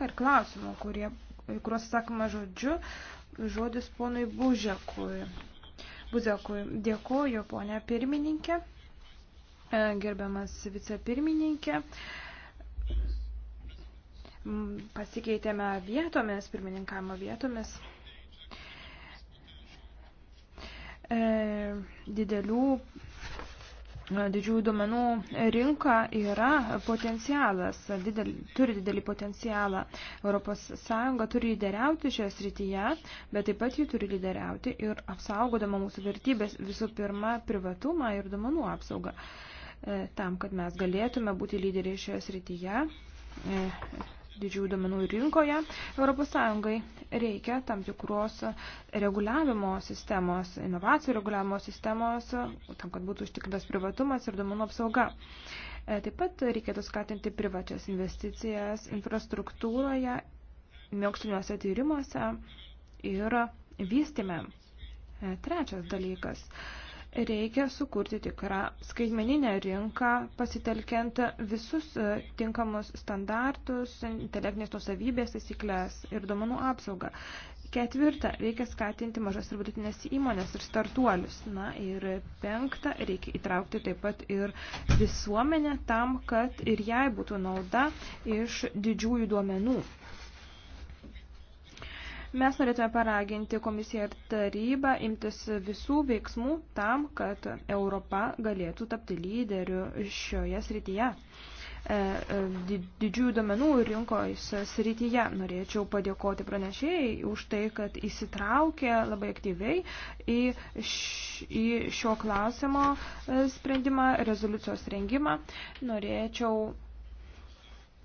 lieka ir klausimų, kurie, kuriuos sakoma žodžiu, žodis ponui Bužekui. Buzekui, dėkoju, ponė pirmininkė, e, gerbiamas vicepirmininkė. Pasikeitėme vietomis, pirmininkavimo vietomis. E, didelių didžiųjų duomenų rinka yra potencialas, didel, turi didelį potencialą. ES turi lyderiauti šioje srityje, bet taip pat ji turi lyderiauti ir apsaugodama mūsų vertybės visų pirma privatumą ir duomenų apsaugą. E, tam, kad mes galėtume būti lyderiai šioje srityje, e, didžiųjų domenų rinkoje, ES reikia tam tikros reguliavimo sistemos, inovacijų reguliavimo sistemos, tam, kad būtų užtikrintas privatumas ir domenų apsauga. E, taip pat reikėtų skatinti privačias investicijas infrastruktūroje, moksliniuose tyrimuose ir vystime. E, trečias dalykas. Reikia sukurti tikrą skaitmeninę rinką, pasitelkiant visus e, tinkamus standartus, intelektinės nusavybės taisyklės ir duomenų apsaugą. Ketvirta, reikia skatinti mažas ir vidutinės įmonės ir startuolius. Na ir penkta, reikia įtraukti taip pat ir visuomenę tam, kad ir jai būtų nauda iš didžiųjų duomenų. Mes norėtume paraginti komisiją ir tarybą imtis visų veiksmų tam, kad Europa galėtų tapti lyderiu šioje srityje. E, e, didžiųjų domenų rinkos srityje norėčiau padėkoti pranešėjai už tai, kad įsitraukė labai aktyviai į, š, į šio klausimo e, sprendimą, rezoliucijos rengimą. Norėčiau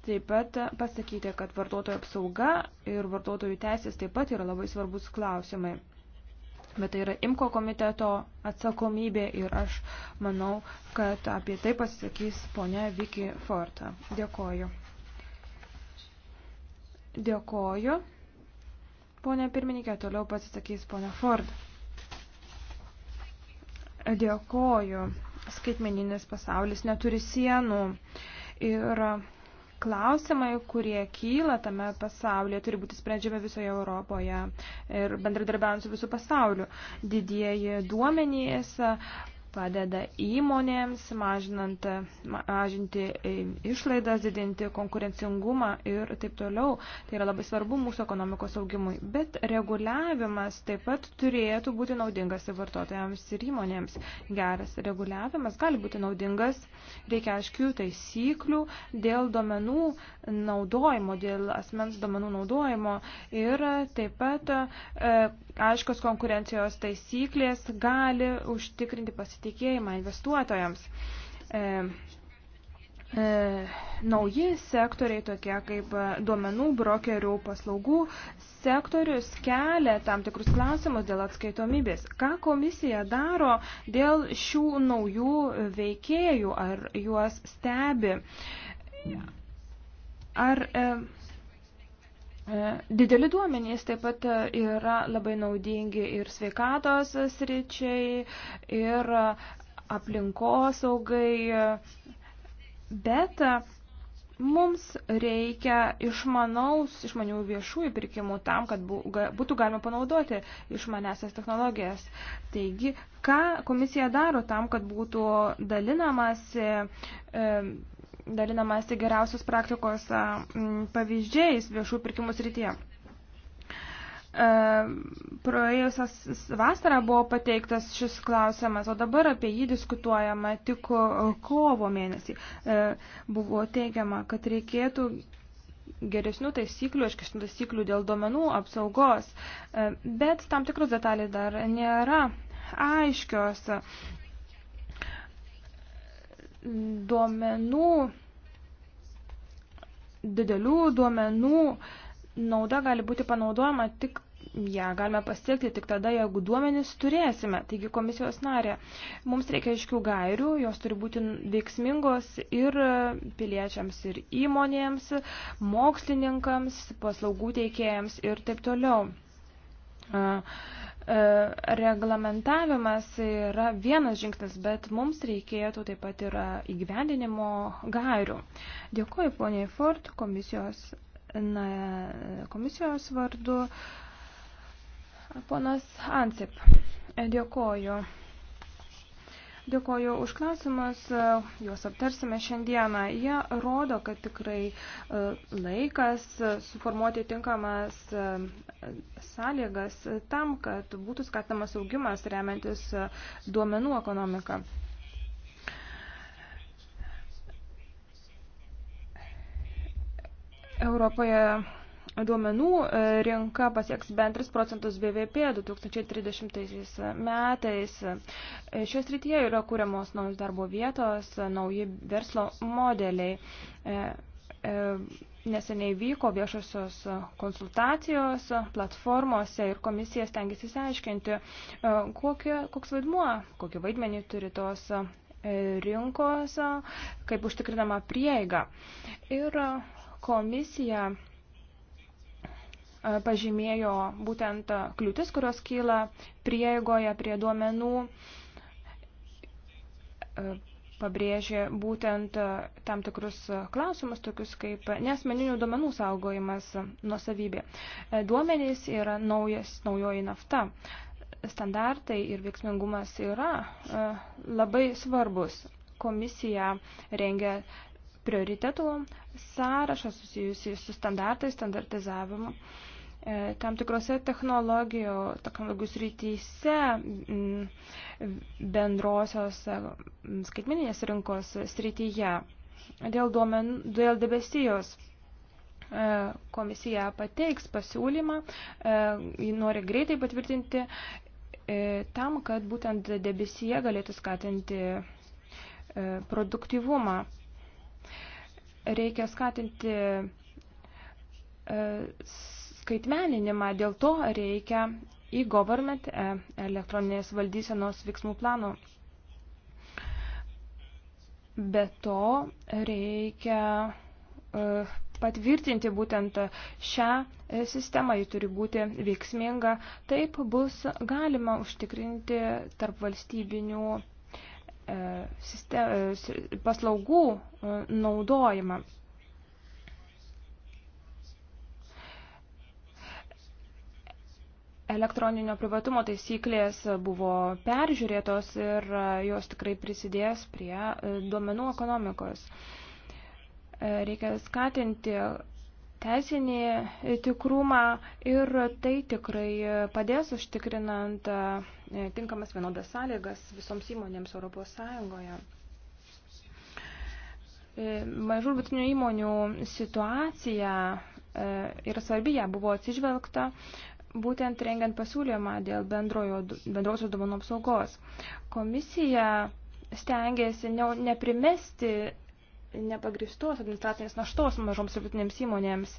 Taip pat pasakyti, kad vartotojų apsauga ir vartotojų teisės taip pat yra labai svarbus klausimai. Bet tai yra IMKO komiteto atsakomybė ir aš manau, kad apie tai pasisakys ponia Vicky Forta. Dėkoju. Dėkoju. Pone pirmininkė, toliau pasisakys ponia Ford. Dėkoju. Skaitmeninis pasaulis neturi sienų ir klausimai, kurie kyla tame pasaulyje, turi būti sprendžiami visoje Europoje ir bendradarbiaujant su visų pasauliu. Didieji duomenys, padeda įmonėms mažinant, mažinti e, išlaidas, didinti konkurencingumą ir taip toliau. Tai yra labai svarbu mūsų ekonomikos augimui. Bet reguliavimas taip pat turėtų būti naudingas ir vartotojams ir įmonėms. Geras reguliavimas gali būti naudingas, reikia aiškių taisyklių dėl domenų naudojimo, dėl asmens domenų naudojimo ir taip pat e, aiškos konkurencijos taisyklės gali užtikrinti pasitikėjimą pasitikėjimą investuotojams. E, e, nauji sektoriai, tokie kaip duomenų brokerių paslaugų sektorius, kelia tam tikrus klausimus dėl atskaitomybės. Ką komisija daro dėl šių naujų veikėjų, ar juos stebi? Ar... E, E, dideli duomenys taip pat yra labai naudingi ir sveikatos sričiai, ir aplinkosaugai, bet mums reikia išmanaus, išmanių viešųjų pirkimų tam, kad būtų galima panaudoti išmanesias technologijas. Taigi, ką komisija daro tam, kad būtų dalinamasi e, dalinamasi geriausios praktikos pavyzdžiais viešų pirkimų srityje. Praėjusias vasarą buvo pateiktas šis klausimas, o dabar apie jį diskutuojama tik kovo mėnesį. Buvo teigiama, kad reikėtų geresnių taisyklių, aiškesnių taisyklių dėl duomenų apsaugos, bet tam tikrus detalės dar nėra aiškios duomenų, didelių duomenų nauda gali būti panaudojama tik, ją ja, galime pasiekti tik tada, jeigu duomenis turėsime. Taigi komisijos narė, mums reikia aiškių gairių, jos turi būti veiksmingos ir piliečiams, ir įmonėms, mokslininkams, paslaugų teikėjams ir taip toliau. E, reglamentavimas yra vienas žingsnis, bet mums reikėtų taip pat ir e, įgyvendinimo gairių. Dėkuoju poniai Ford komisijos, na, komisijos vardu. Ponas Ansip, dėkuoju. Dėkoju už klausimus, e, juos aptarsime šiandieną. Jie rodo, kad tikrai e, laikas e, suformuoti tinkamas sąlygas tam, kad būtų skatamas augimas remiantis duomenų ekonomiką. Europoje duomenų e, rinka pasieks bent 3 procentus BVP 2030 metais. E, Šios rytyje yra kūriamos naujos darbo vietos, e, nauji verslo modeliai. Neseniai vyko viešosios konsultacijos platformose ir komisija stengiasi įsiaiškinti, koks vaidmuo, kokį vaidmenį turi tos rinkos, kaip užtikrinama prieiga. Ir komisija pažymėjo būtent kliūtis, kurios kyla prieigoje prie duomenų, pabrėžė būtent tam tikrus klausimus, tokius kaip nesmeninių duomenų saugojimas nusavybė. Duomenys yra naujas, naujoji nafta. Standartai ir veiksmingumas yra labai svarbus. Komisija rengia prioritetų sąrašą susijusį su standartais, standartizavimu. Uh, E, tam tikrose technologijų, technologijų srityse bendrosios e, skaitmeninės rinkos srityje. Dėl, duomen, dėl debesijos e, komisija pateiks pasiūlymą, nori greitai patvirtinti tam, kad būtent debesija galėtų skatinti produktyvumą. Reikia skatinti skaitmeninimą, dėl to reikia e-government e, elektroninės valdysenos veiksmų plano. Be to reikia e, patvirtinti būtent šią e, sistemą, ji turi būti veiksminga, taip bus galima užtikrinti tarp valstybinių paslaugų naudojimą. elektroninio privatumo taisyklės buvo peržiūrėtos ir e, jos tikrai prisidės prie e, duomenų ekonomikos. E, reikia skatinti teisinį tikrumą ir tai tikrai padės užtikrinant tinkamas vienodas sąlygas visoms įmonėms Europos Sąjungoje. Mažų vidutinių įmonių situacija yra svarbi, ją buvo atsižvelgta būtent rengiant pasiūlymą dėl bendrojo, bendrosios duomenų apsaugos. Komisija stengiasi ne, neprimesti nepagristos administracinės naštos mažoms ir vidutinėms įmonėms.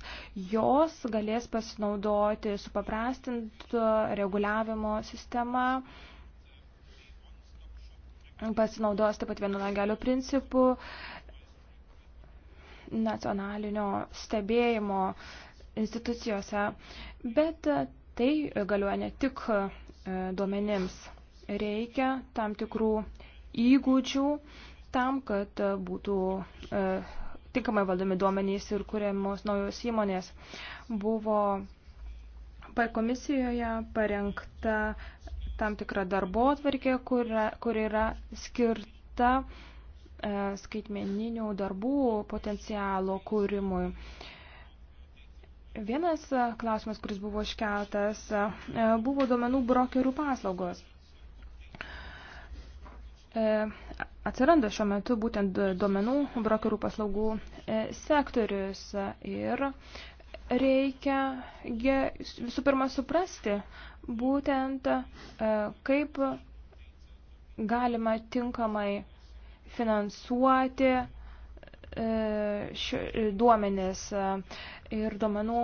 Jos galės pasinaudoti supaprastintų reguliavimo sistemą, pasinaudos taip pat vienu langelio principu nacionalinio stebėjimo institucijose. Bet Tai galioja ne tik e, duomenims. Reikia tam tikrų įgūdžių tam, kad e, būtų e, tinkamai valdomi duomenys ir kuriamos naujos įmonės. Buvo komisijoje parengta tam tikra darbo atvarkė, kur, kur yra skirta e, skaitmeninių darbų potencialo kūrimui. E, Vienas e, klausimas, kuris buvo iškeltas, e, e, buvo duomenų brokerių paslaugos. Atsiranda šiuo metu būtent duomenų brokerių paslaugų sektorius ir reikia visų pirma suprasti būtent kaip galima tinkamai finansuoti E, e, duomenis e, ir duomenų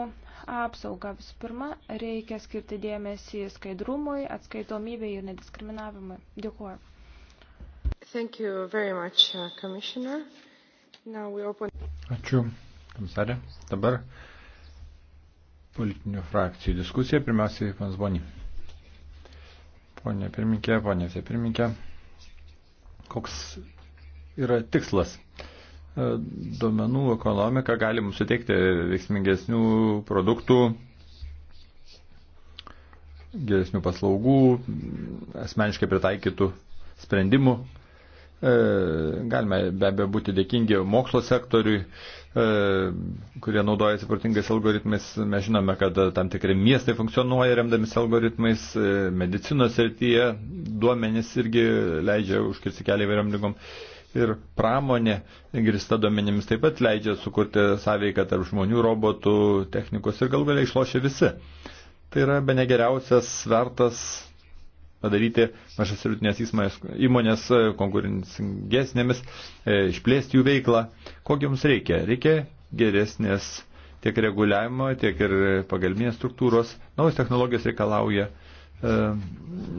apsaugą. Visų pirma, reikia skirti dėmesį skaidrumui, atskaitomybei ir nediskriminavimui. Dėkuoju. Thank you very much, uh, Commissioner. Now we open... Ačiū, komisarė. Dabar politinių frakcijų diskusija. Pirmiausiai, panas Boni. Pone pirminkė, ponė vicepirminkė, koks yra tikslas? Uh, E, duomenų ekonomika gali mums suteikti veiksmingesnių produktų, geresnių paslaugų, asmeniškai pritaikytų sprendimų. E, galime be abejo būti dėkingi mokslo sektoriui, e, kurie naudojasi protingais algoritmais. Mes žinome, kad tam tikri miestai funkcionuoja remdamis algoritmais, medicinos srityje duomenys irgi leidžia užkirsti kelią įvairiam lygom ir pramonė, grista duomenimis, taip pat leidžia sukurti sąveiką tarp žmonių, robotų, technikos ir gal galiai išlošia visi. Tai yra be negeriausias svertas padaryti mažas ir vidutinės įmonės konkurencingesnėmis, e, išplėsti jų veiklą. Kokį jums reikia? Reikia geresnės tiek reguliavimo, tiek ir pagalbinės struktūros. Naujos technologijos reikalauja uh, E,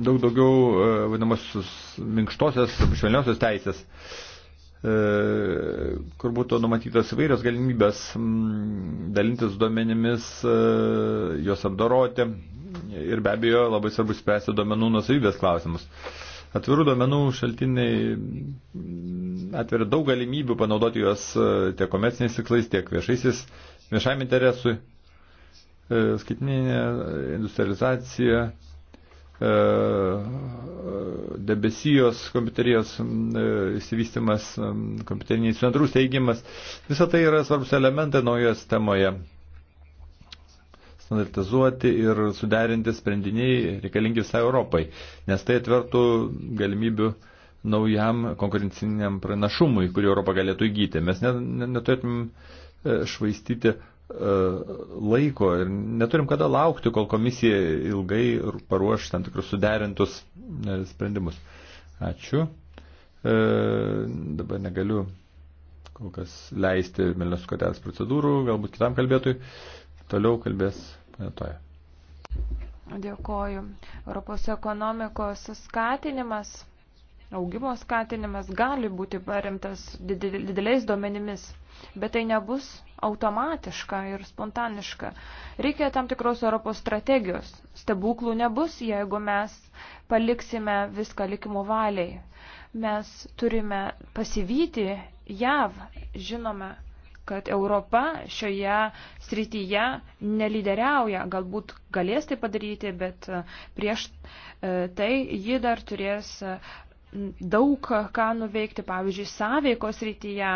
daug daugiau e, vadinamosios minkštosios, švelniosios teisės, e, kur būtų numatytas įvairios galimybės dalintis duomenimis, juos apdoroti ir be abejo labai svarbu spręsti duomenų nusavybės klausimus. Atvirų duomenų šaltiniai atveria daug galimybių panaudoti juos tiek komerciniais tikslais, tiek viešaisis, viešam interesui, skaitinė industrializacija, E, debesijos kompiuterijos įsivystimas, e, kompiuteriniais centrų steigimas. Visą tai yra svarbus elementai naujoje sistemoje. Standartizuoti ir suderinti sprendiniai reikalingi visai Europai, nes tai atvertų galimybių naujam konkurenciniam pranašumui, kurį Europą galėtų įgyti. Mes neturėtum e, švaistyti uh, E, laiko ir neturim kada laukti, kol komisija ilgai paruoš tam tikrus suderintus e, sprendimus. Ačiū. E, dabar negaliu kol kas leisti Milnes kortelės procedūrų, galbūt kitam kalbėtui. Toliau kalbės panetoje. Dėkoju. Europos ekonomikos skatinimas, augimo skatinimas gali būti paremtas dideliais duomenimis, bet tai nebus automatiška ir spontaniška. Reikia tam tikros Europos strategijos. Stebuklų nebus, jeigu mes paliksime viską likimo valiai. Mes turime pasivyti JAV, žinome, kad Europa šioje srityje nelideriauja. Galbūt galės tai padaryti, bet e, prieš e, tai ji dar turės e, daug ką nuveikti, pavyzdžiui, sąveikos rytyje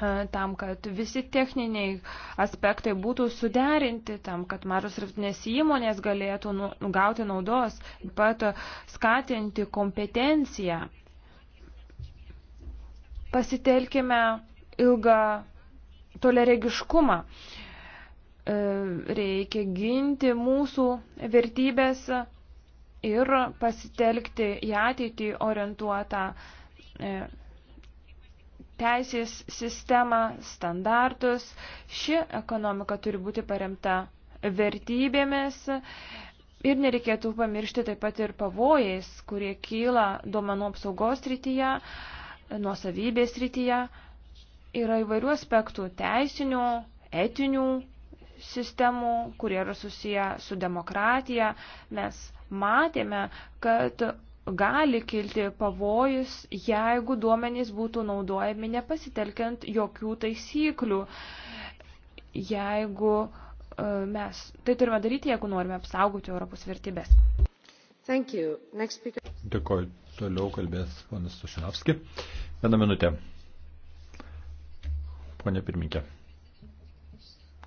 E, tam, kad visi techniniai aspektai būtų suderinti, tam, kad mažos ir vidutinės įmonės galėtų nu, nu, gauti naudos, pat skatinti kompetenciją. Pasitelkime ilgą toleregiškumą. E, reikia ginti mūsų vertybės ir pasitelkti į ateitį orientuotą e, teisės sistemą, standartus. Ši ekonomika turi būti paremta vertybėmis ir nereikėtų pamiršti taip pat ir pavojais, kurie kyla duomenų apsaugos rytyje, nuosavybės rytyje. Yra įvairių aspektų teisinių, etinių sistemų, kurie yra susiję su demokratija. Mes matėme, kad gali kilti pavojus, jeigu duomenys būtų naudojami nepasitelkiant jokių taisyklių. Jeigu e, mes tai turime daryti, jeigu norime apsaugoti Europos vertybės. Dėkoju. Toliau kalbės ponas Sušinovski. Vieną minutę. Pone pirminkė.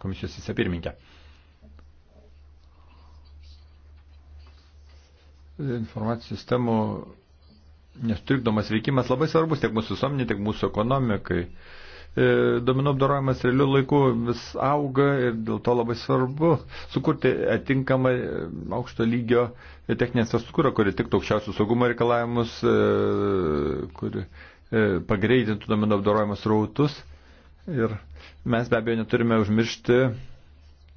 Komisijos įsipirminkė. pirminkė. informacijų sistemų nesutrikdomas veikimas labai svarbus tiek mūsų visuomenė, tiek mūsų ekonomikai. E, domino apdorojimas realiu laiku vis auga ir dėl to labai svarbu sukurti atinkamą e, aukšto lygio techninę infrastruktūrą, kuri tiktų aukščiausių saugumo reikalavimus, e, kuri pagreitintų domino apdorojimus rautus. Ir mes be abejo neturime užmiršti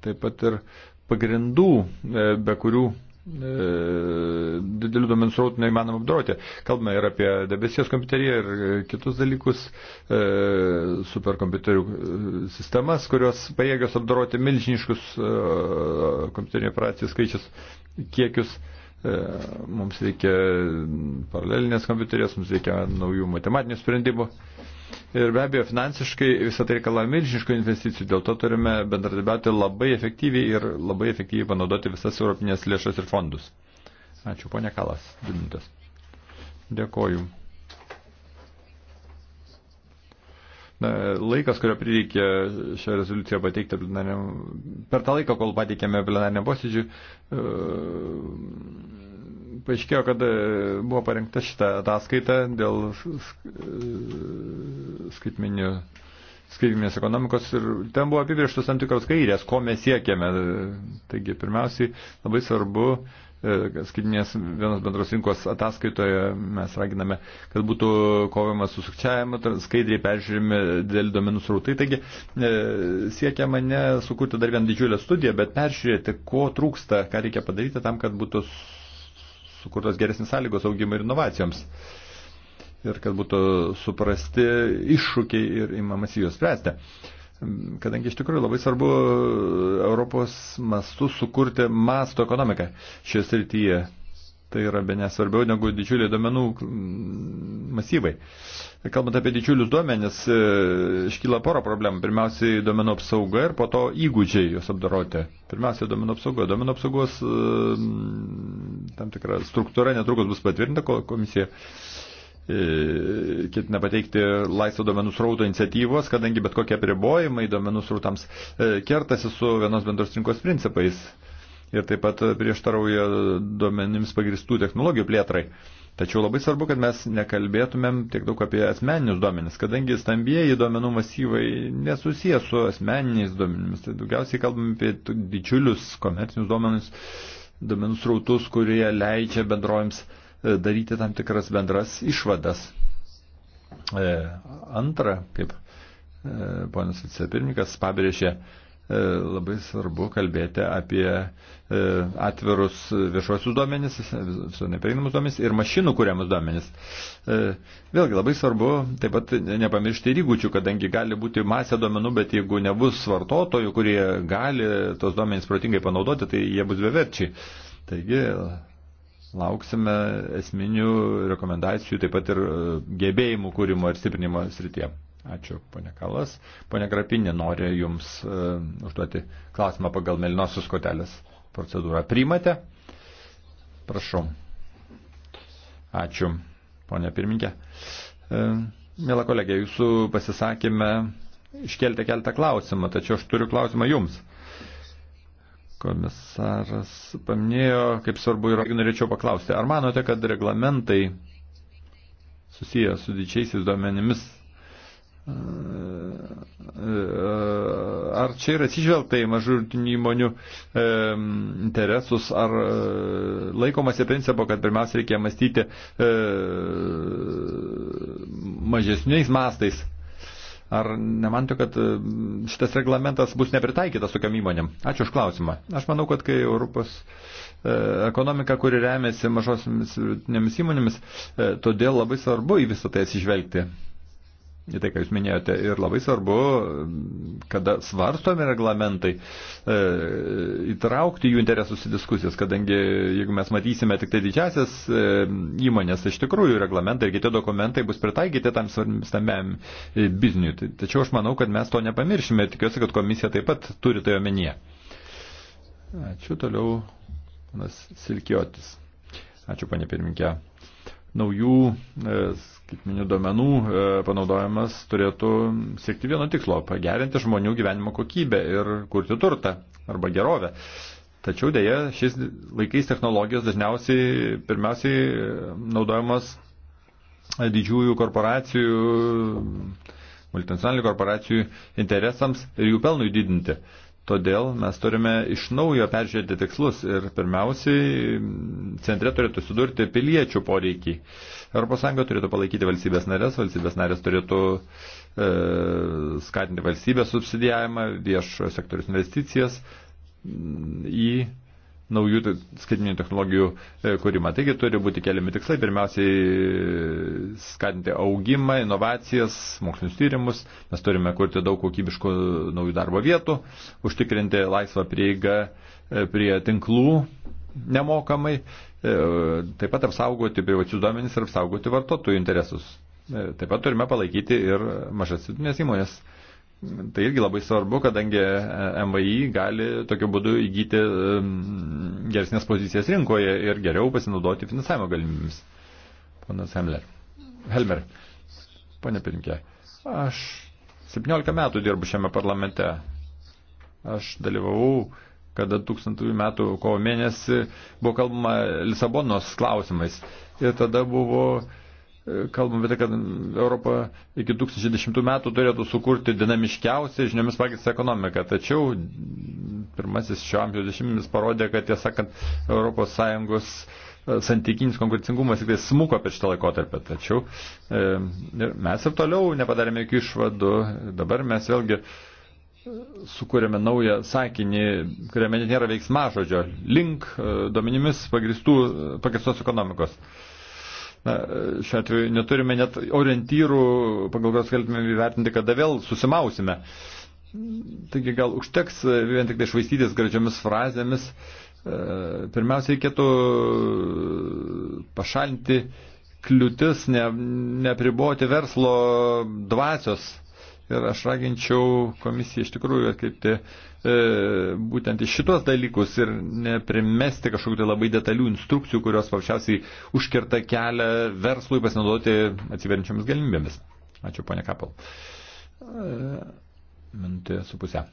taip pat ir pagrindų, be kurių E, didelių duomenų srautų neįmanoma apdoroti. Kalbame ir apie debesies kompiuteriją ir e, kitus dalykus, e, superkompiuterių e, sistemas, kurios pajėgios apdoroti milžiniškus e, kompiuterinių operacijų skaičius, kiekius. E, mums reikia paralelinės kompiuterės, mums reikia naujų matematinių sprendimų. E, Ir be abejo, finansiškai visą tai reikalauja milžiniškų investicijų, dėl to turime bendradarbiauti labai efektyviai ir labai efektyviai panaudoti visas europinės lėšas ir fondus. Ačiū, ponia Kalas, dvi minutės. Dėkoju. na, laikas, kurio prireikė šią rezoliuciją pateikti plenariam, per tą laiką, kol pateikėme plenariam posėdžiui, e, paaiškėjo, kad e, buvo parengta šitą ataskaitą dėl e, skaitminių skaitminės ekonomikos ir ten buvo apibrieštos tam tikros kairės, ko mes siekiame. Taigi, pirmiausiai, labai svarbu, e, skaitinės vienos bendros rinkos ataskaitoje mes raginame, kad būtų kovama su sukčiavimu, skaidriai peržiūrimi dėl domenų srautai. Taigi siekiama ne sukurti dar vieną didžiulę studiją, bet peržiūrėti, ko trūksta, ką reikia padaryti tam, kad būtų sukurtos geresnės sąlygos augimui ir inovacijoms. Ir kad būtų suprasti iššūkiai ir įmamas juos spręsti. Kadangi iš tikrųjų labai svarbu Europos mastu sukurti masto ekonomiką šioje srityje. Tai yra be nesvarbiau negu didžiuliai duomenų mm, masyvai. Kalbant apie didžiulius duomenis, e, iškyla pora problemų. Pirmiausiai duomenų apsauga ir po to įgūdžiai juos apdaroti. Pirmiausia, duomenų apsauga. Duomenų apsaugos e, mm, tam tikra struktūra netrukus bus patvirtinta komisija e, ketina pateikti laisvo duomenų srauto iniciatyvos, kadangi bet kokie apribojimai duomenų srautams kertasi su vienos bendros rinkos principais ir taip pat prieštarauja duomenims pagristų technologijų plėtrai. Tačiau labai svarbu, kad mes nekalbėtumėm tiek daug apie asmeninius duomenis, kadangi stambieji duomenų masyvai nesusiję su asmeniniais duomenimis. Tai daugiausiai kalbam apie didžiulius komercinius duomenis, duomenų srautus, kurie leidžia bendrojams e, daryti tam tikras bendras išvadas. E, antra, kaip e, ponas vicepirmininkas pabrėžė, E, labai svarbu kalbėti apie e, atvirus viešuosius duomenis, visuomenė prieinamus duomenis ir mašinų kuriamus duomenis. E, vėlgi labai svarbu taip pat nepamiršti ir įgūdžių, kadangi gali būti masė duomenų, bet jeigu nebus vartotojų, kurie gali tos duomenys protingai panaudoti, tai jie bus beverčiai. Taigi lauksime esminių rekomendacijų, taip pat ir gebėjimų kūrimo ir stiprinimo srityje. Ačiū, ponė Kalas. Pone Grapinė nori Jums uh, užduoti klausimą pagal melinosios kotelės procedūrą. Priimate? Prašau. Ačiū, ponė pirminkė. Uh, e, Mėla kolegė, Jūsų pasisakymę iškelti keltą klausimą, tačiau aš turiu klausimą Jums. Komisaras paminėjo, kaip svarbu yra, norėčiau paklausti, ar manote, kad reglamentai susijęs su didžiaisiais duomenimis Ar čia yra atsižvelgta į mažutinių įmonių e, interesus, ar e, laikomasi principo, kad pirmiausia reikia mąstyti e, mažesniais mastais? Ar nemantu, kad e, šitas reglamentas bus nepritaikytas tokiam įmonėm? Ačiū už klausimą. Aš manau, kad kai Europos e, ekonomika, kuri remiasi mažosiamis vidutinėmis įmonėmis, e, todėl labai svarbu į visą tai atsižvelgti į tai, ką jūs minėjote. Ir labai svarbu, kada svarstomi reglamentai, e, įtraukti jų interesus į diskusijas, kadangi jeigu mes matysime tik tai didžiasias e, įmonės, tai iš tikrųjų reglamentai ir kiti dokumentai bus pritaikyti tam stambiam e, bizniui. Tai, tačiau aš manau, kad mes to nepamiršime ir tikiuosi, kad komisija taip pat turi tai omenyje. Ačiū toliau, panas Silkiotis. Ačiū, panė pirminkė naujų e, skaitminių duomenų e, panaudojimas turėtų siekti vieno tikslo - pagerinti žmonių gyvenimo kokybę ir kurti turtą arba gerovę. Tačiau dėja, šiais laikais technologijos dažniausiai pirmiausiai e, naudojamos didžiųjų korporacijų, multinacionalinių korporacijų interesams ir jų pelnui didinti. Uh, Todėl mes turime iš naujo peržiūrėti tikslus ir pirmiausiai mm, centre turėtų sudurti piliečių poreikiai. ES turėtų palaikyti valstybės narės, valstybės narės turėtų e, skatinti valstybės subsidijavimą, viešojo sektorius investicijas mm, į naujų skaitinių technologijų e, kūrimą. Taigi turi būti keliami tikslai, pirmiausiai e, skatinti augimą, inovacijas, mokslinius tyrimus, mes turime kurti daug kokybiškų naujų darbo vietų, užtikrinti laisvą prieigą e, prie tinklų nemokamai, taip pat apsaugoti privačius duomenys ir apsaugoti vartotojų interesus. Taip pat turime palaikyti ir mažas įmonės Tai irgi labai svarbu, kadangi e, MVI gali tokiu būdu įgyti geresnės pozicijas rinkoje ir geriau pasinaudoti finansavimo galimybėmis. Ponas Hemler. Helmer, ponė pirinkė, aš 17 metų dirbu šiame parlamente. Aš dalyvavau kada 2000 metų kovo mėnesį buvo kalbama Lisabonos klausimais. Ir tada buvo kalbam apie tai, kad Europa iki 2010 metų turėtų sukurti dinamiškiausią žiniomis pagrįstą ekonomiką. Tačiau pirmasis šio amžiaus dešimtmetis parodė, kad tiesą sakant, ES e, santykinis konkurencingumas tik tai smuko per šitą laikotarpį. Tačiau e, mes ir toliau nepadarėme jokių išvadų. Dabar mes vėlgi e, sukūrėme naują sakinį, kuriame nėra veiksmažodžio, link e, domenimis pagristos e, ekonomikos. E, na, šiuo atveju neturime net orientyrų, pagal kurios galėtume įvertinti, kada vėl susimausime. Taigi gal užteks vien tik tai švaistytis gražiomis frazėmis. E, pirmiausia, reikėtų pašalinti kliūtis, ne, nepriboti verslo dvasios Ir aš raginčiau komisiją iš tikrųjų atkreipti e, būtent iš šitos dalykus ir neprimesti kažkokių tai labai detalių instrukcijų, kurios paprasčiausiai užkerta kelią verslui pasinaudoti atsiverinčiamis galimybėmis. Ačiū, ponė Kapal. E, Minutė su pusė.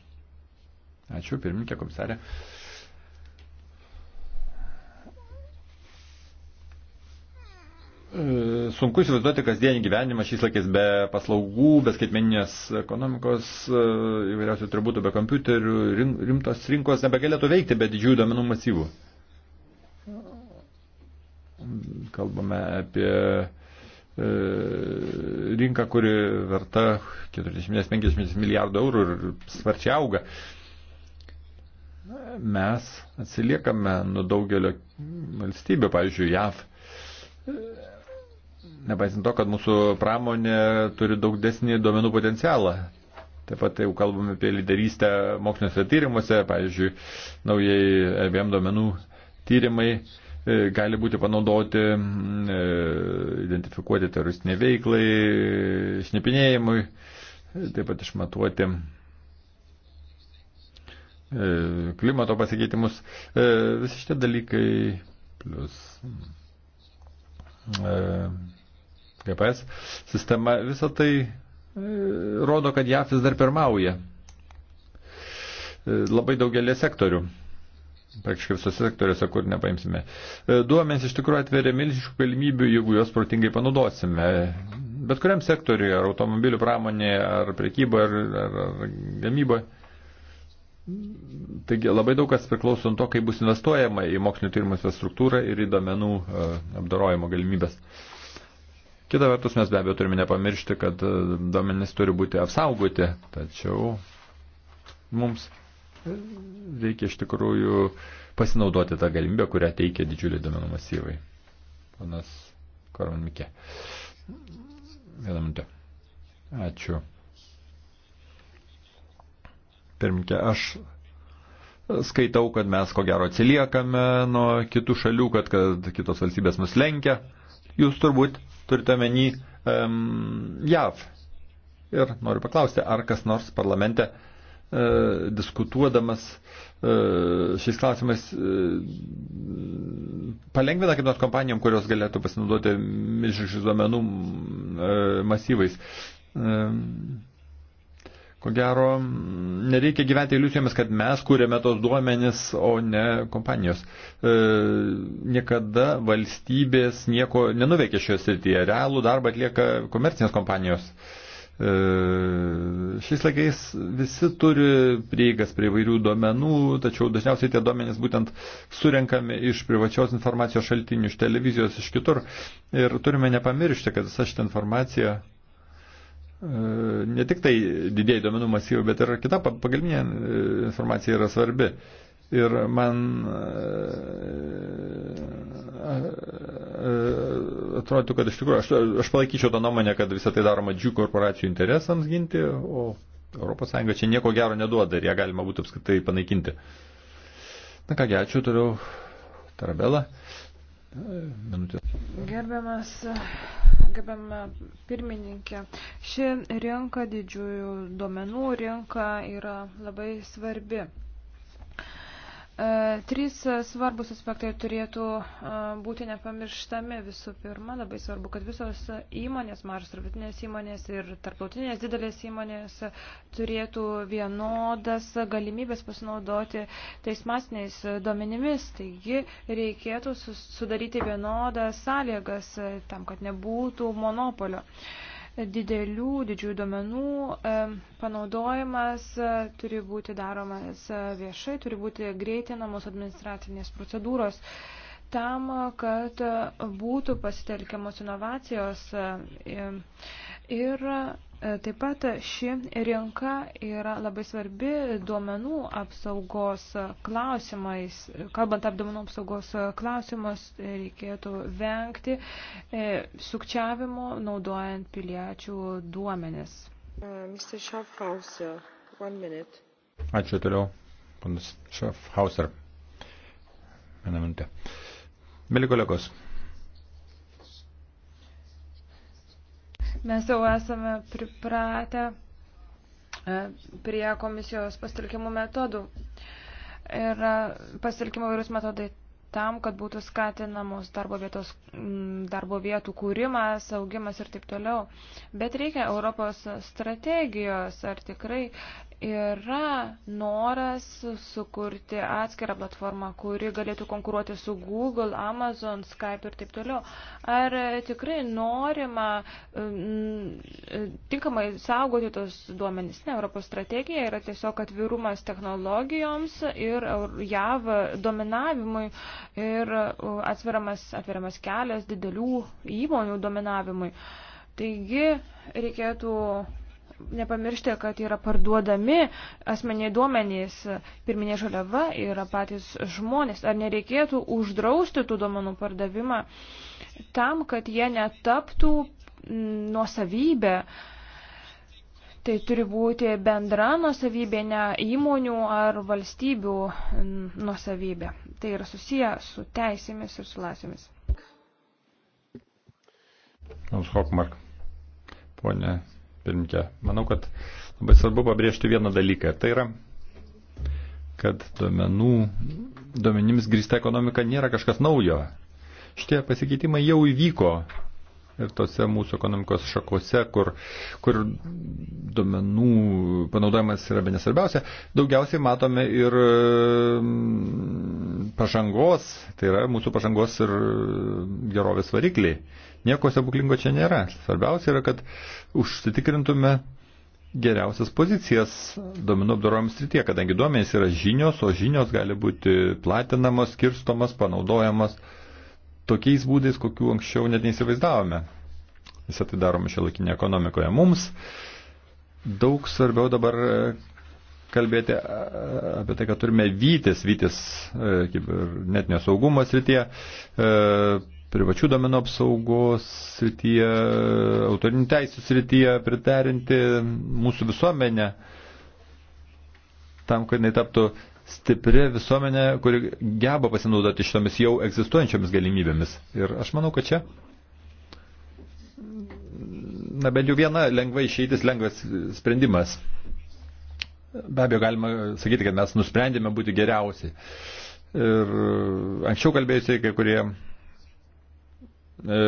Ačiū, pirmininkė komisarė. E, E, sunku įsivaizduoti kasdienį gyvenimą šiais laikais be paslaugų, be skaitmeninės ekonomikos, e, įvairiausių turbūt be kompiuterių, rimtos rinkos nebegalėtų veikti be didžiųjų domenų masyvų. Kalbame apie e, rinką, kuri verta 40-50 milijardų eurų ir sparčiai auga. Mes atsiliekame nuo daugelio valstybių, pavyzdžiui, JAV nepaisant to, kad mūsų pramonė turi daug desnį duomenų potencialą. Taip pat jau kalbame apie lyderystę moksliniuose tyrimuose, pavyzdžiui, naujai EVM duomenų tyrimai e, gali būti panaudoti mm, e, identifikuoti teroristiniai veiklai, šnipinėjimui, e, taip pat išmatuoti klimato pasikeitimus. Visi šitie dalykai plus mm, GPS sistema, visą tai e, rodo, kad JAF vis dar pirmauja e, labai daugelį sektorių. Praktiškai visose sektoriuose, kur nepaimsime. E, duomenys iš tikrųjų atveria milžiniškų galimybių, jeigu juos protingai panaudosime. Bet kuriam sektoriui, ar automobilių pramonėje, ar prekyboje, ar, ar, ar gamyboje. Taigi labai daug kas priklauso nuo to, kaip bus investuojama į mokslinio tyrimų infrastruktūrą ir į domenų apdarojimo galimybės. Kita vertus, mes be abejo turime nepamiršti, kad e, duomenys turi būti apsaugoti, tačiau mums reikia iš tikrųjų pasinaudoti tą galimybę, kurią teikia didžiuliai duomenų masyvai. Panas Korman Mikė. Vieną minutę. Ačiū. Pirminkė, aš skaitau, kad mes ko gero atsiliekame nuo kitų šalių, kad, kad kitos valstybės mus lenkia. Jūs turbūt turite omeny um, JAV. Ir noriu paklausti, ar kas nors parlamente e, diskutuodamas e, šiais klausimais e, palengvina kaip nors kompanijom, kurios galėtų pasinaudoti milžiniškais duomenų e, masyvais. E, Ko gero, nereikia gyventi iliusijomis, kad mes kūrėme tos duomenis, o ne kompanijos. E, niekada valstybės nieko nenuveikė šioje srityje. Realų darbą atlieka komercinės kompanijos. E, šiais laikais visi turi prieigas prie vairių duomenų, tačiau dažniausiai tie duomenys būtent surenkami iš privačios informacijos šaltinių, iš televizijos, iš kitur. Ir turime nepamiršti, kad visa šitą informaciją ne tik tai didėjai duomenų masyvų, bet ir kita pagalbinė e, informacija yra svarbi. Ir man e, e, atrodytų, kad iš tikrųjų aš, aš palaikyčiau tą nuomonę, kad visą tai daroma didžių korporacijų interesams ginti, o ES čia nieko gero neduoda ir ją galima būtų apskritai panaikinti. Na kągi, ačiū, toliau Tarabela. Minutė. Gerbiamas Gerbiama pirmininkė, ši rinka, didžiųjų duomenų rinka yra labai svarbi. E, trys svarbus aspektai turėtų e, būti nepamirštami visų pirma. Labai svarbu, kad visos įmonės, mažas ir vidutinės įmonės ir tarptautinės didelės įmonės turėtų vienodas galimybės pasinaudoti teismasniais duomenimis. Taigi reikėtų sudaryti vienodas sąlygas tam, kad nebūtų monopolio. Uh, didelių, didžiųjų duomenų e, panaudojimas e, turi būti daromas e, viešai, turi būti greitinamos administracinės procedūros tam, kad būtų pasitelkiamos inovacijos ir E, taip pat ši rinka yra labai svarbi duomenų apsaugos klausimais. Kalbant apie duomenų apsaugos klausimus, reikėtų vengti e, sukčiavimo naudojant piliečių duomenis. E, Ačiū toliau, panas Schaffhauser. Vieną minutę. Mėly kolegos, Mes jau esame pripratę e, prie komisijos pasitelkimų metodų. Ir pasitelkimo vairūs metodai tam, kad būtų skatinamos darbo, vietos, darbo vietų kūrimas, augimas ir taip toliau. Bet reikia Europos strategijos, ar tikrai yra noras sukurti atskirą platformą, kuri galėtų konkuruoti su Google, Amazon, Skype ir taip toliau. Ar tikrai norima um, um, tinkamai saugoti tos duomenys? Ne, Europos strategija yra tiesiog atvirumas technologijoms ir JAV dominavimui ir atviramas, atviramas kelias didelių įmonių dominavimui. Taigi reikėtų nepamiršti, kad yra parduodami asmeniai duomenys, pirminė žaliava yra patys žmonės. Ar nereikėtų uždrausti tų duomenų pardavimą tam, kad jie netaptų mm, nuosavybę? Tai turi būti bendra nuosavybė, ne įmonių ar valstybių mm, nuosavybė. Tai yra susiję su teisėmis ir su lasėmis. Jums Hokmark, ponė pirmininkė. Manau, kad labai svarbu pabrėžti vieną dalyką. Tai yra, kad duomenų, duomenims grįsta ekonomika nėra kažkas naujo. Šitie pasikeitimai jau įvyko ir tose mūsų ekonomikos šakose, kur, kur duomenų panaudojimas yra be nesvarbiausia, daugiausiai matome ir mm, pažangos, tai yra mūsų pažangos ir gerovės varikliai. Nieko stebuklingo čia nėra. Svarbiausia yra, kad užsitikrintume geriausias pozicijas duomenų apdorojimo srityje, kadangi duomenys yra žinios, o žinios gali būti platinamos, skirstomas, panaudojamos tokiais būdais, kokių anksčiau net neįsivaizdavome. Visą tai darome šiolaikinė ekonomikoje. Mums daug svarbiau dabar e, kalbėti e, apie tai, kad turime vytis, vytis e, net nesaugumo srityje, privačių domenų apsaugos srityje, autorinių teisų srityje priterinti mūsų visuomenę tam, kad jinai taptų stipri visuomenė, kuri geba pasinaudoti šitomis jau egzistuojančiomis galimybėmis. Ir aš manau, kad čia na bent jau viena lengva išeitis, lengvas sprendimas. Be abejo, galima sakyti, kad mes nusprendėme būti geriausi. Ir anksčiau kalbėjusiai kai kurie E,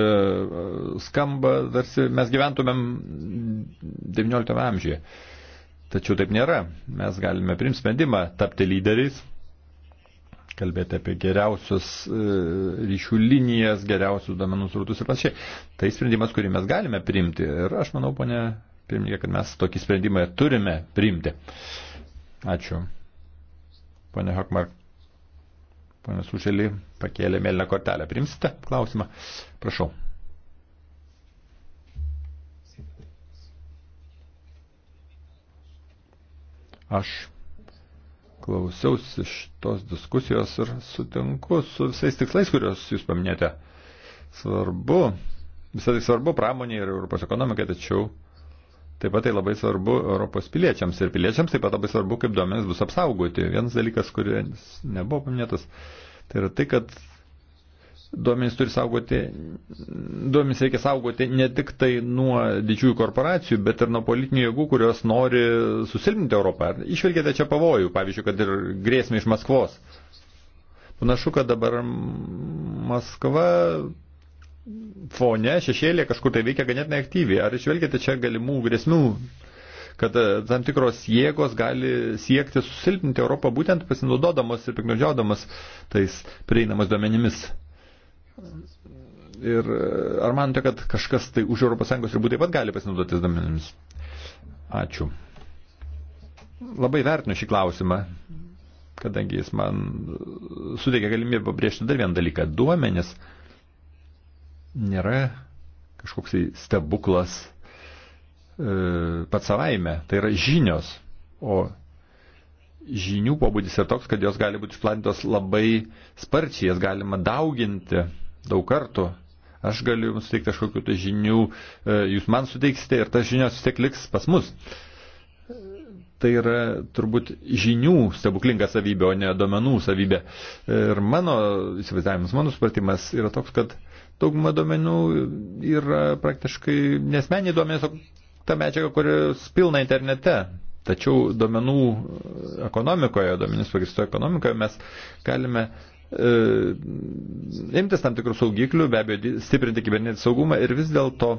skamba, tarsi mes gyventumėm XIX amžiuje. Tačiau taip nėra. Mes galime primti sprendimą tapti lyderiais, kalbėti apie geriausius e, ryšių linijas, geriausius domenų srautus ir panašiai. Tai sprendimas, kurį mes galime priimti. Ir aš manau, ponė pirmininkė, kad mes tokį sprendimą turime priimti. Ačiū. Pone Hakmark. Pane Sušelį pakėlė mėlyną kortelę. Primsite klausimą? Prašau. Aš klausiausi šitos diskusijos ir sutinku su visais tikslais, kuriuos jūs paminėjote. Svarbu, visą tai svarbu pramonė ir Europos ekonomikai, tačiau Taip pat tai labai svarbu Europos piliečiams ir piliečiams taip pat labai svarbu, kaip duomenys bus apsaugoti. Vienas dalykas, kuris nebuvo paminėtas, tai yra tai, kad duomenys turi saugoti, duomenys reikia saugoti ne tik tai nuo didžiųjų korporacijų, bet ir nuo politinių jėgų, kurios nori susilpninti Europą. Išvelgėte čia pavojų, pavyzdžiui, kad ir grėsmė iš Maskvos. Panašu, kad dabar Maskva fone, šešėlė kažkur tai veikia ganėtinai aktyviai. Ar išvelgėte čia galimų grėsmių, kad e, tam tikros jėgos gali siekti susilpninti Europą būtent pasinaudodamas ir piknaudžiaudamas tais prieinamas duomenimis? Ir e, ar manote, kad kažkas tai už ES ribų taip pat gali pasinaudotis duomenimis? Ačiū. Labai vertinu šį klausimą kadangi jis man suteikė galimybę pabrėžti dar vieną dalyką. Duomenis nėra kažkoks tai stebuklas e, pat savaime, tai yra žinios, o žinių pobūdis yra toks, kad jos gali būti išplatintos labai sparčiai, jas galima dauginti daug kartų. Aš galiu jums suteikti kažkokių tai žinių, e, jūs man suteiksite ir tas žinios vis tiek liks pas mus. Tai yra turbūt žinių stebuklinga savybė, o ne domenų savybė. Ir mano įsivaizdavimas, mano supratimas yra toks, kad e, dauguma duomenų yra praktiškai nesmeniai duomenys, o ta medžiaga, kuri spilna internete. Tačiau duomenų ekonomikoje, duomenys pagristo ekonomikoje mes galime e, imtis tam tikrų saugiklių, be abejo stiprinti kibernetinį saugumą ir vis dėlto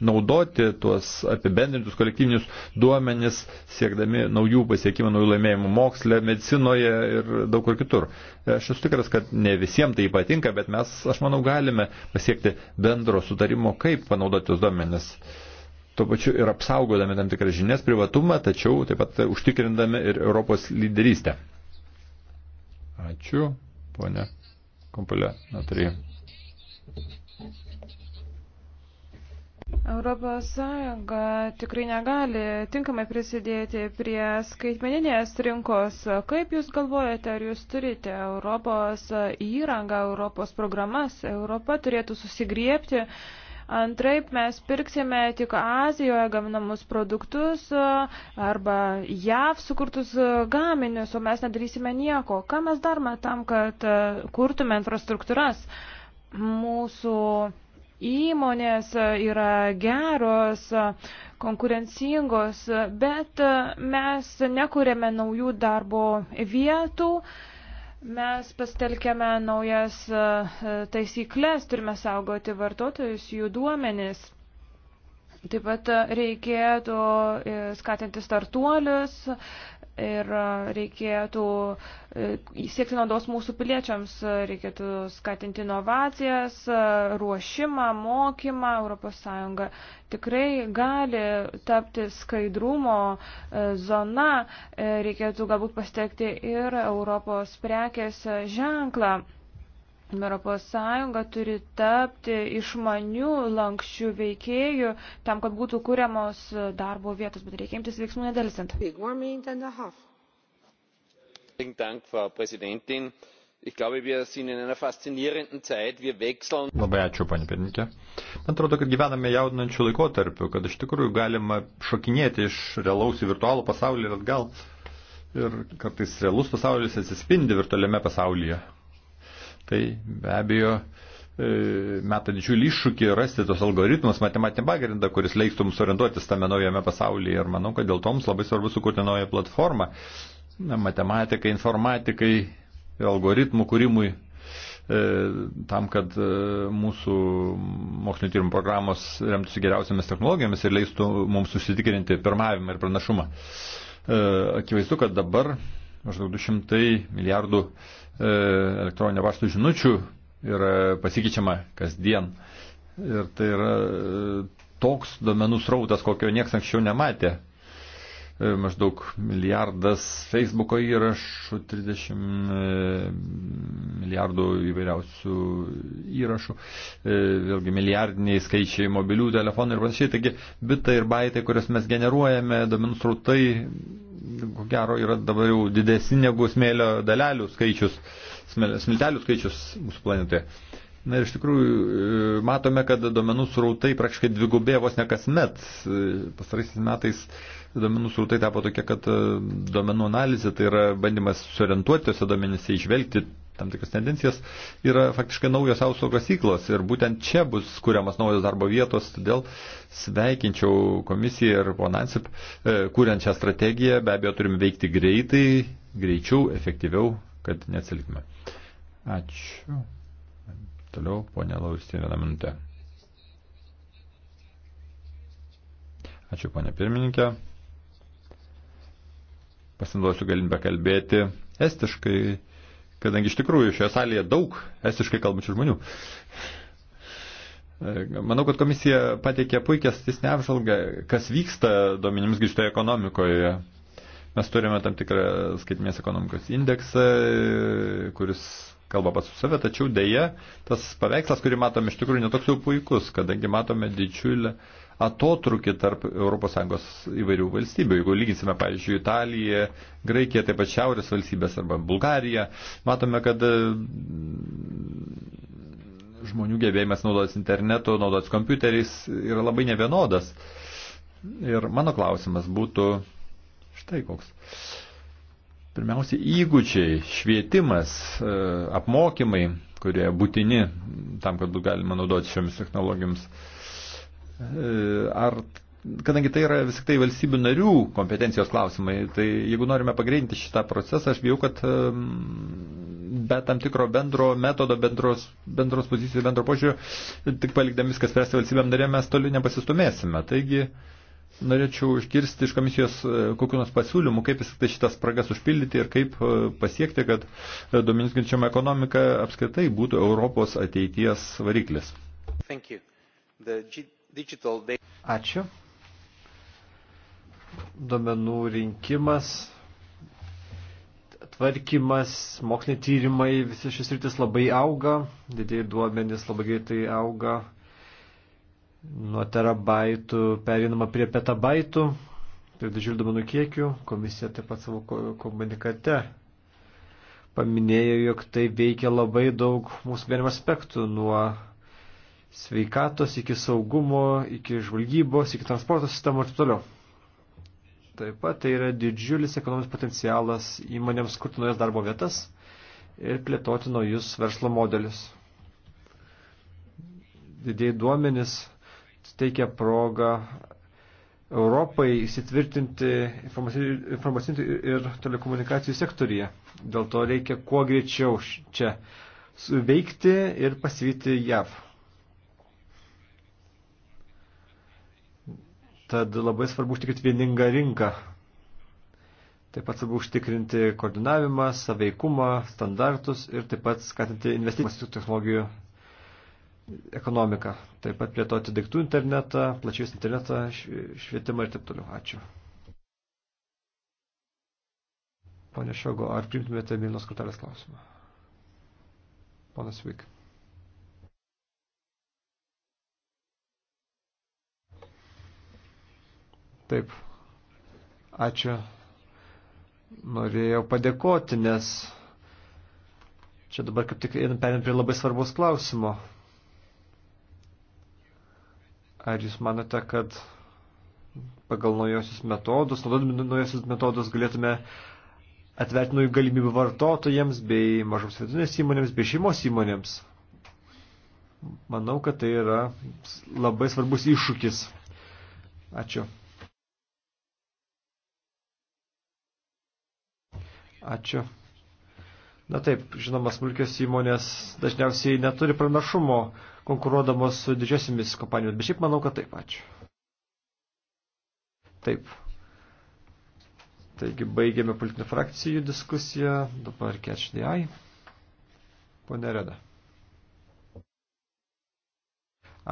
naudoti tuos apibendrintus kolektyvinius duomenis, siekdami naujų pasiekimų, naujų laimėjimų moksle, medicinoje ir daug kur kitur. Aš esu tikras, kad ne visiems tai patinka, bet mes, aš manau, galime pasiekti bendro sutarimo, kaip panaudoti tuos duomenis. Tuo pačiu ir apsaugodami tam tikras žinias privatumą, tačiau taip pat užtikrindami ir Europos lyderystę. Ačiū, ponė Kompulė, na turėjau. Europos Sąjunga tikrai negali tinkamai prisidėti prie skaitmeninės rinkos. Kaip Jūs galvojate, ar Jūs turite Europos įrangą, Europos programas? Europa turėtų susigriepti. Antraip mes pirksime tik Azijoje gaminamus produktus arba JAV sukurtus gaminius, o mes nedarysime nieko. Ką mes darome tam, kad kurtume infrastruktūras mūsų įmonės e, yra geros, e, konkurencingos, e, bet mes nekūrėme naujų darbo vietų, mes pastelkėme naujas taisyklės, turime saugoti vartotojus, jų duomenis. Taip pat reikėtų e, skatinti startuolius ir e, reikėtų e, siekti naudos mūsų piliečiams, reikėtų skatinti inovacijas, ruošimą, mokymą. ES tikrai gali tapti skaidrumo zona, reikėtų galbūt pastekti ir Europos prekės ženklą. Europos Sąjunga turi tapti išmanių lankščių veikėjų tam, kad būtų kuriamos darbo vietos, bet reikia imtis veiksmų nedelsint. Labai ačiū, panė pirmininkė. Man atrodo, kad gyvename jaudinančių laikotarpių, kad iš tikrųjų galima šokinėti iš realaus į virtualų pasaulį ir atgal. Ir kartais realus pasaulis atsispindi virtualiame pasaulyje. Tai be abejo e, meta didžiulį iššūkį rasti tos algoritmus, matematinį pagrindą, kuris leistų mums orientuotis tame naujame pasaulyje. Ir manau, kad dėl to mums labai svarbu sukurti naują platformą matematikai, informatikai, algoritmų kūrimui, e, tam, kad e, mūsų mokslinio tyrimų programos remtųsi geriausiamis technologijomis ir leistų mums susitikrinti pirmavimą ir pranašumą. Akivaizdu, kad dabar maždaug 200 milijardų e, elektroninio pašto žinučių yra pasikeičiama kasdien. Ir tai yra e, toks duomenų srautas, kokio nieks anksčiau nematė. E, maždaug milijardas Facebooko įrašų, 30 e, milijardų įvairiausių įrašų, e, vėlgi milijardiniai skaičiai mobilių telefonų ir panašiai. Taigi bitai ir baitai, kurias mes generuojame, domenų srautai, ko gero, yra dabar jau didesni negu smėlio dalelių skaičius, smiltelių skaičius mūsų planetoje. Na ir iš tikrųjų matome, kad domenų srautai praktiškai dvigubė vos ne kasmet. Pastaraisiais metais duomenų srautai tapo tokie, kad e, duomenų analizė, tai yra bandymas suorientuoti tose duomenyse, išvelgti tam tikras tendencijas, yra faktiškai naujos auso kasyklos ir būtent čia bus kuriamas naujos darbo vietos, todėl sveikinčiau komisiją ir ponansip, e, kuriant šią strategiją, be abejo turim veikti greitai, greičiau, efektyviau, kad neatsilikime. Ačiū. Toliau, ponė Lauristin, vieną minutę. Ačiū, ponė pirmininkė pasinaudosiu galimybę kalbėti estiškai, kadangi iš tikrųjų šioje salėje daug estiškai kalbančių žmonių. E, manau, kad komisija pateikė puikią statistinę apžvalgą, kas vyksta duomenims grįžtoje ekonomikoje. Mes turime tam tikrą skaitmės ekonomikos indeksą, kuris kalba pats su save, tačiau dėja tas paveikslas, kurį matome, iš tikrųjų netoks jau puikus, kadangi matome didžiulę uh, atotrukį tarp ES įvairių valstybių. Jeigu lyginsime, pavyzdžiui, Italiją, Graikiją, taip pat Šiaurės valstybės arba Bulgariją, matome, kad mm, žmonių gebėjimas naudotis internetu, naudotis kompiuteriais yra labai nevienodas. Ir mano klausimas būtų štai koks. Pirmiausia, įgūdžiai, švietimas, e, apmokymai, kurie būtini tam, kad būtų galima naudoti šiomis technologijomis. E, ar kadangi tai yra vis tik tai valstybių narių kompetencijos klausimai, tai jeigu norime pagreitinti šitą procesą, aš bijau, kad be tam tikro bendro metodo, bendros, bendros pozicijos, bendro požiūrio, tik palikdami viską spręsti valstybėm narėm, mes toliau nepasistumėsime. Taigi norėčiau išgirsti iš komisijos e, kokių nors pasiūlymų, kaip vis tik tai šitas spragas užpildyti ir kaip e, pasiekti, kad duomenys ginčiama ekonomika apskritai būtų Europos ateities variklis. Thank you. The G Ačiū. Domenų rinkimas, tvarkymas, moksliniai tyrimai, visi šis rytis labai auga, didėjai duomenys labai greitai auga, nuo terabaitų perinama prie petabaitų, prie didžiulių duomenų kiekių, komisija taip pat savo komunikate paminėjo, jog tai veikia labai daug mūsų gyvenimo aspektų nuo sveikatos, iki saugumo, iki žvalgybos, iki transporto sistemų ir taip toliau. Taip pat tai yra didžiulis ekonominis potencialas įmonėms kurti naujas darbo vietas ir plėtoti naujus verslo modelius. Didėjai duomenis teikia progą Europai įsitvirtinti informacinių ir telekomunikacijų sektoriją. Dėl to reikia kuo greičiau čia suveikti ir pasivyti JAV. Tad labai svarbu užtikrinti vieningą rinką. Taip pat svarbu užtikrinti koordinavimą, saveikumą, standartus ir taip pat skatinti investicijas technologijų ekonomiką. Taip pat plėtoti daiktų internetą, plačiais internetą, švietimą ir taip toliau. Ačiū. Pone Šiogo, ar priimtumėte Milnos kortelės klausimą? Ponas Vyk. Taip, ačiū. Norėjau padėkoti, nes čia dabar kaip tik perėm prie labai svarbos klausimo. Ar jūs manote, kad pagal naujosius metodus, naudodami naujosius metodus galėtume atverti naujų galimybių vartotojams bei mažoms vidutinės įmonėms bei šeimos įmonėms. Manau, kad tai yra labai svarbus iššūkis. Ačiū. Ačiū. Na taip, žinoma, smulkios įmonės dažniausiai neturi pranašumo konkuruodamos su didžiosiamis kompanijomis, bet šiaip manau, kad taip, ačiū. Taip. Taigi baigėme politinių frakcijų diskusiją, dabar catch the eye. Pone Reda.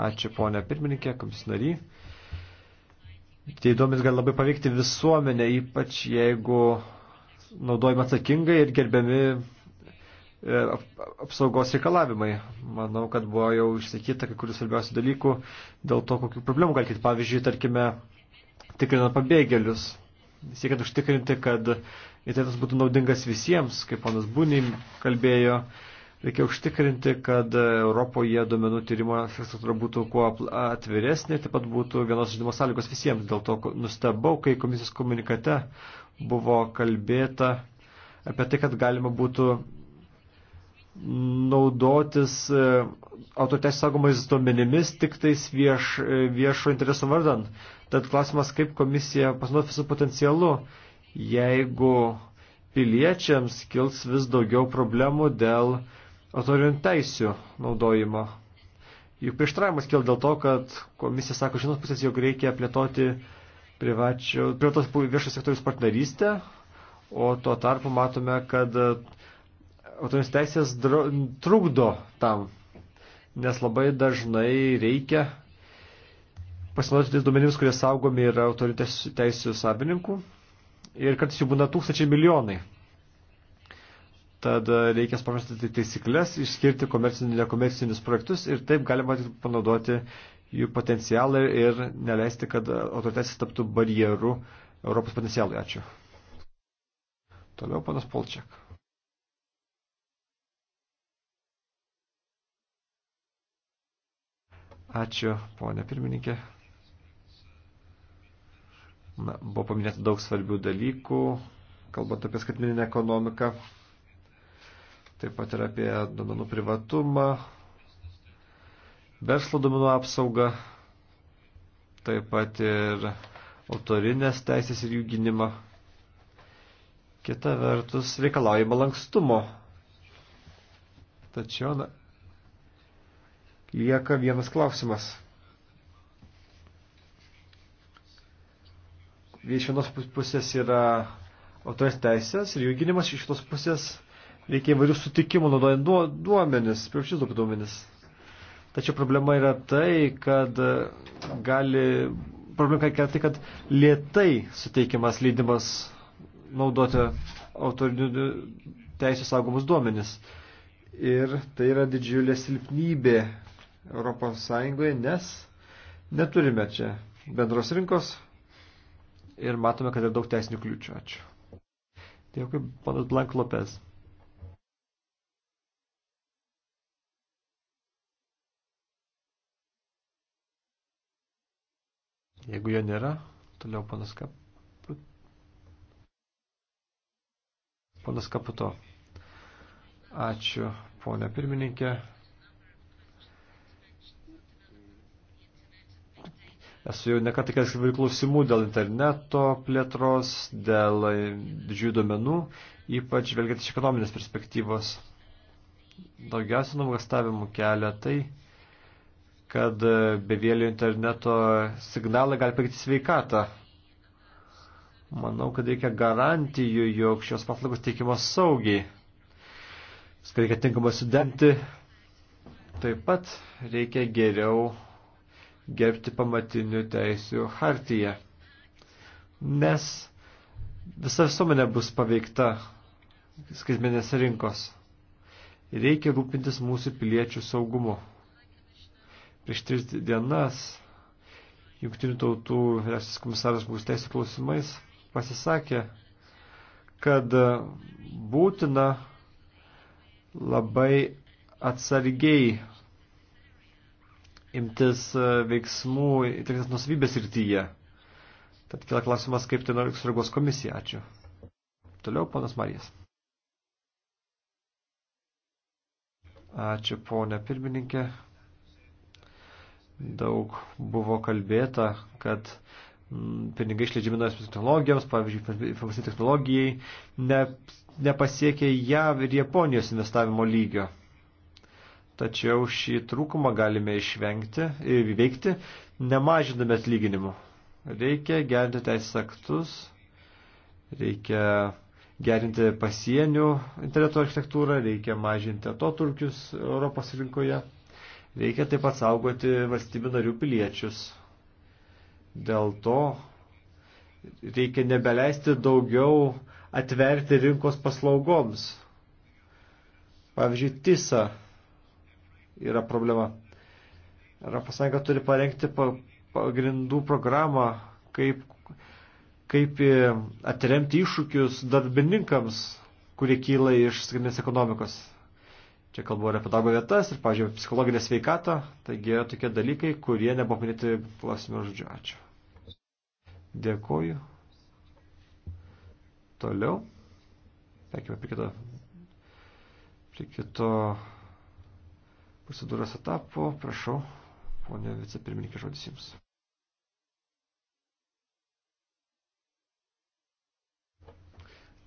Ačiū, ponė pirmininkė, komisinary. Tai įdomis gali labai paveikti visuomenę, ypač jeigu naudojami atsakingai ir gerbiami e, apsaugos reikalavimai. Manau, kad buvo jau išsakyta kai kurių svarbiausių dalykų dėl to, kokių problemų gali kilti. Pavyzdžiui, tarkime, tikrinant pabėgėlius, siekiant užtikrinti, kad internetas būtų naudingas visiems, kaip panas Bunim kalbėjo, reikia užtikrinti, kad Europoje duomenų tyrimo infrastruktūra būtų kuo atviresnė, taip pat būtų vienos žaidimo sąlygos visiems. Dėl to nustebau, kai komisijos komunikate buvo kalbėta apie tai, kad galima būtų naudotis e, autoteisės saugomais duomenimis tik tais vieš, e, viešo intereso vardant. Tad klausimas, kaip komisija pasinaudos visų potencialu, jeigu piliečiams kils vis daugiau problemų dėl autorinių teisių naudojimo. Juk prieštravimas kil dėl to, kad komisija sako iš vienos pusės, jog reikia plėtoti uh, privačios viešo sektoriaus partnerystę, o tuo tarpu matome, kad e, autorinės teisės trukdo tam, nes labai dažnai reikia pasinaudoti tais duomenimis, kurie saugomi yra autorinės teisės savininkų ir kartais jų būna tūkstančiai milijonai. Tad e, reikia sparnasti tai taisyklės, išskirti komercinius, nekomercinius projektus ir taip galima panaudoti jų potencialą ir neleisti, kad autoritetas taptų barjerų Europos potencialui. Ačiū. Toliau panas Polčiak. Ačiū, ponė pirmininkė. Na, buvo paminėta daug svarbių dalykų, kalbant apie skaitmeninę ekonomiką, taip pat ir apie domenų privatumą, verslo duomenų apsaugą, taip pat ir autorinės teisės ir jų gynimą. Kita vertus, reikalaujama lankstumo. Tačiau na, lieka vienas klausimas. Iš vienos pusės yra autorinės teisės ir jų gynimas, iš kitos pusės reikia įvairių sutikimų naudojant duomenis, privačius duomenis. Tačiau problema yra tai, kad gali, problema yra tai, kad lietai suteikiamas leidimas naudoti autorinių teisų saugomus duomenis. Ir tai yra didžiulė silpnybė Europos Sąjungoje, nes neturime čia bendros rinkos ir matome, kad yra daug teisinių kliūčių. Ačiū. Dėkui, panas Blank Lopez. Jeigu jo nėra, toliau panas, Kap... panas Kaputo. Ačiū, ponė pirmininkė. Esu jau nekartą kelias klausimų dėl interneto plėtros, dėl didžiųjų domenų, ypač žvelgiant iš ekonominės perspektyvos. Daugiausia nuogastavimų kelia tai, kad bevėlio interneto signalai gali pakeiti sveikatą. Manau, kad reikia garantijų, jog šios paslaugos teikiamos saugiai. Viską reikia tinkamai sudenti. Taip pat reikia geriau gerbti pamatinių teisių hartiją. Nes visa visuomenė bus paveikta skaitmenės rinkos. Reikia rūpintis mūsų piliečių saugumu. Prieš tris dienas Junktinių tautų vyriausias komisaras bus teisų klausimais pasisakė, kad būtina labai atsargiai imtis veiksmų įtrinės nusvybės rytyje. Tad kila klausimas, kaip tai nori sureagos komisija. Ačiū. Toliau, ponas Marijas. Ačiū, ponė pirmininkė daug buvo kalbėta, kad mm, pinigai išleidžiami naujoms technologijoms, pavyzdžiui, informaciniai technologijai, ne, nepasiekė JAV ir Japonijos investavimo lygio. Tačiau šį trūkumą galime išvengti ir įveikti, nemažindami atlyginimų. Reikia gerinti teisės aktus, reikia gerinti pasienių interneto architektūrą, reikia mažinti atoturkius Europos rinkoje. Reikia taip pat saugoti valstybių narių piliečius. Dėl to reikia nebeleisti daugiau atverti rinkos paslaugoms. Pavyzdžiui, TISA yra problema. ES turi parengti pagrindų programą, kaip, kaip e, atremti iššūkius darbininkams, kurie kyla iš skaitminės ekonomikos. Čia kalbu ir apie darbo vietas ir, pažiūrėjau, psichologinę sveikatą. Taigi yra tokie dalykai, kurie nebuvo minėti klausime žodžiu. Ačiū. Dėkoju. Toliau. Tekime prie kito, prie kito procedūros etapo. Prašau, ponė vicepirmininkė, žodis jums.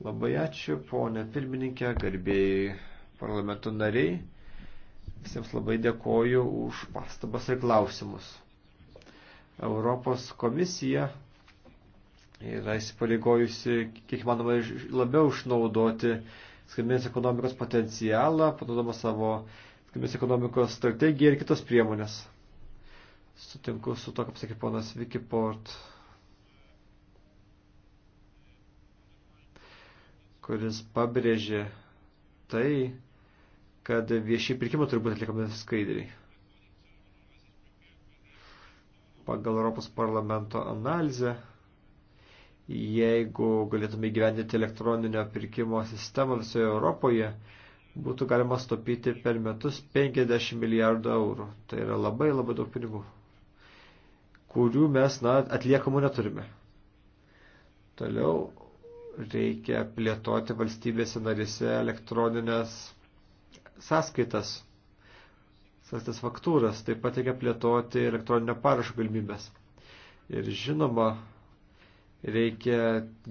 Labai ačiū, ponė pirmininkė, garbėjai parlamento nariai. Visiems labai dėkoju už pastabas ir klausimus. Europos komisija yra įsipareigojusi, kiek manoma, labiau išnaudoti skaitminės ekonomikos potencialą, panaudama savo skaitminės ekonomikos strategiją ir kitos priemonės. Sutinku su to, kaip sakė ponas Wikiport, kuris pabrėžė tai, kad viešiai pirkimai turi būti atliekami skaidriai. Pagal Europos parlamento analizę, jeigu galėtume įgyvendinti elektroninio pirkimo sistemą visoje Europoje, būtų galima stopyti per metus 50 milijardų eurų. Tai yra labai labai daug pinigų, kurių mes na, atliekamų neturime. Toliau reikia plėtoti valstybėse narise elektroninės sąskaitas, sąskaitas faktūras, taip pat reikia plėtoti elektroninio parašo galimybės. Ir žinoma, reikia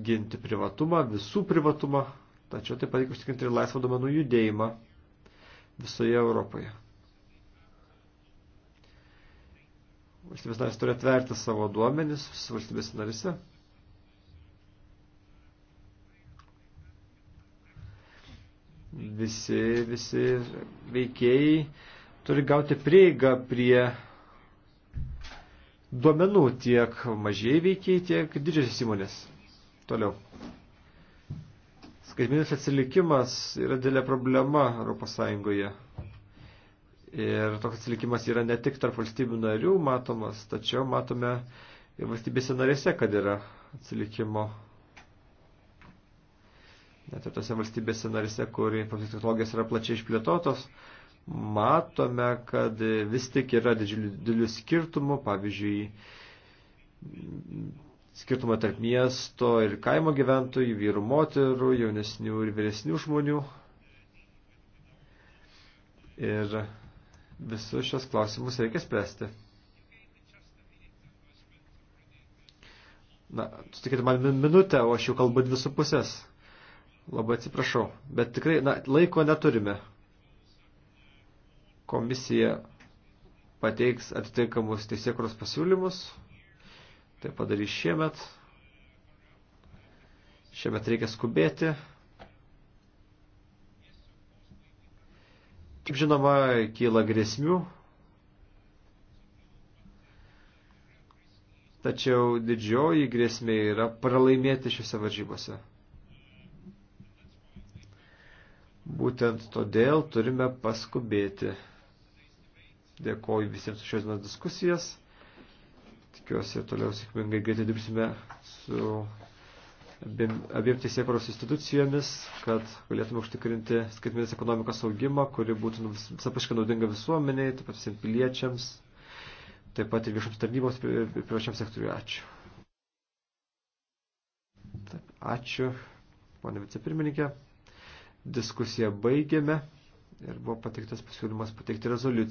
ginti privatumą, visų privatumą, tačiau taip pat reikia užtikrinti ir laisvą domenų judėjimą visoje Europoje. Valstybės narės turi atverti savo duomenis valstybės narise. visi, visi veikėjai turi gauti prieigą prie duomenų tiek mažiai veikiai, tiek didžiosios įmonės. Toliau. Skaitmeninis atsilikimas yra dėlė problema Europos Sąjungoje. Ir toks atsilikimas yra ne tik tarp valstybių narių matomas, tačiau matome ir valstybėse narėse, kad yra atsilikimo net ir tose valstybėse narise, kur informacijos technologijos yra plačiai išplėtotos, matome, kad vis tik yra didžiulių, didžiulių skirtumų, pavyzdžiui, skirtumą tarp miesto ir kaimo gyventojų, vyrų, moterų, jaunesnių ir vyresnių žmonių. Ir visus šios klausimus reikia spręsti. Na, sutikite man minutę, o aš jau kalbu dvi su pusės. Labai atsiprašau, bet tikrai na, laiko neturime. Komisija pateiks atitinkamus teisėkuros pasiūlymus, tai padarys šiemet. Šiemet reikia skubėti. Kaip žinoma, kyla grėsmių, tačiau didžioji grėsmė yra pralaimėti šiuose varžybose. Būtent todėl turime paskubėti. Dėkoju visiems už šios diskusijas. Tikiuosi ir toliau sėkmingai greitai dirbsime su abiem, abiem teisėkuros institucijomis, kad galėtume užtikrinti skaitminės ekonomikos augimą, kuri būtų visapaškai naudinga visuomeniai, taip pat visiems piliečiams, taip pat ir viešoms tarnyboms ir privačiam sektoriui. Ačiū. Taip, ačiū, ponė vicepirmininkė. Diskusiją baigėme ir buvo pateiktas pasiūlymas pateikti rezoliuciją.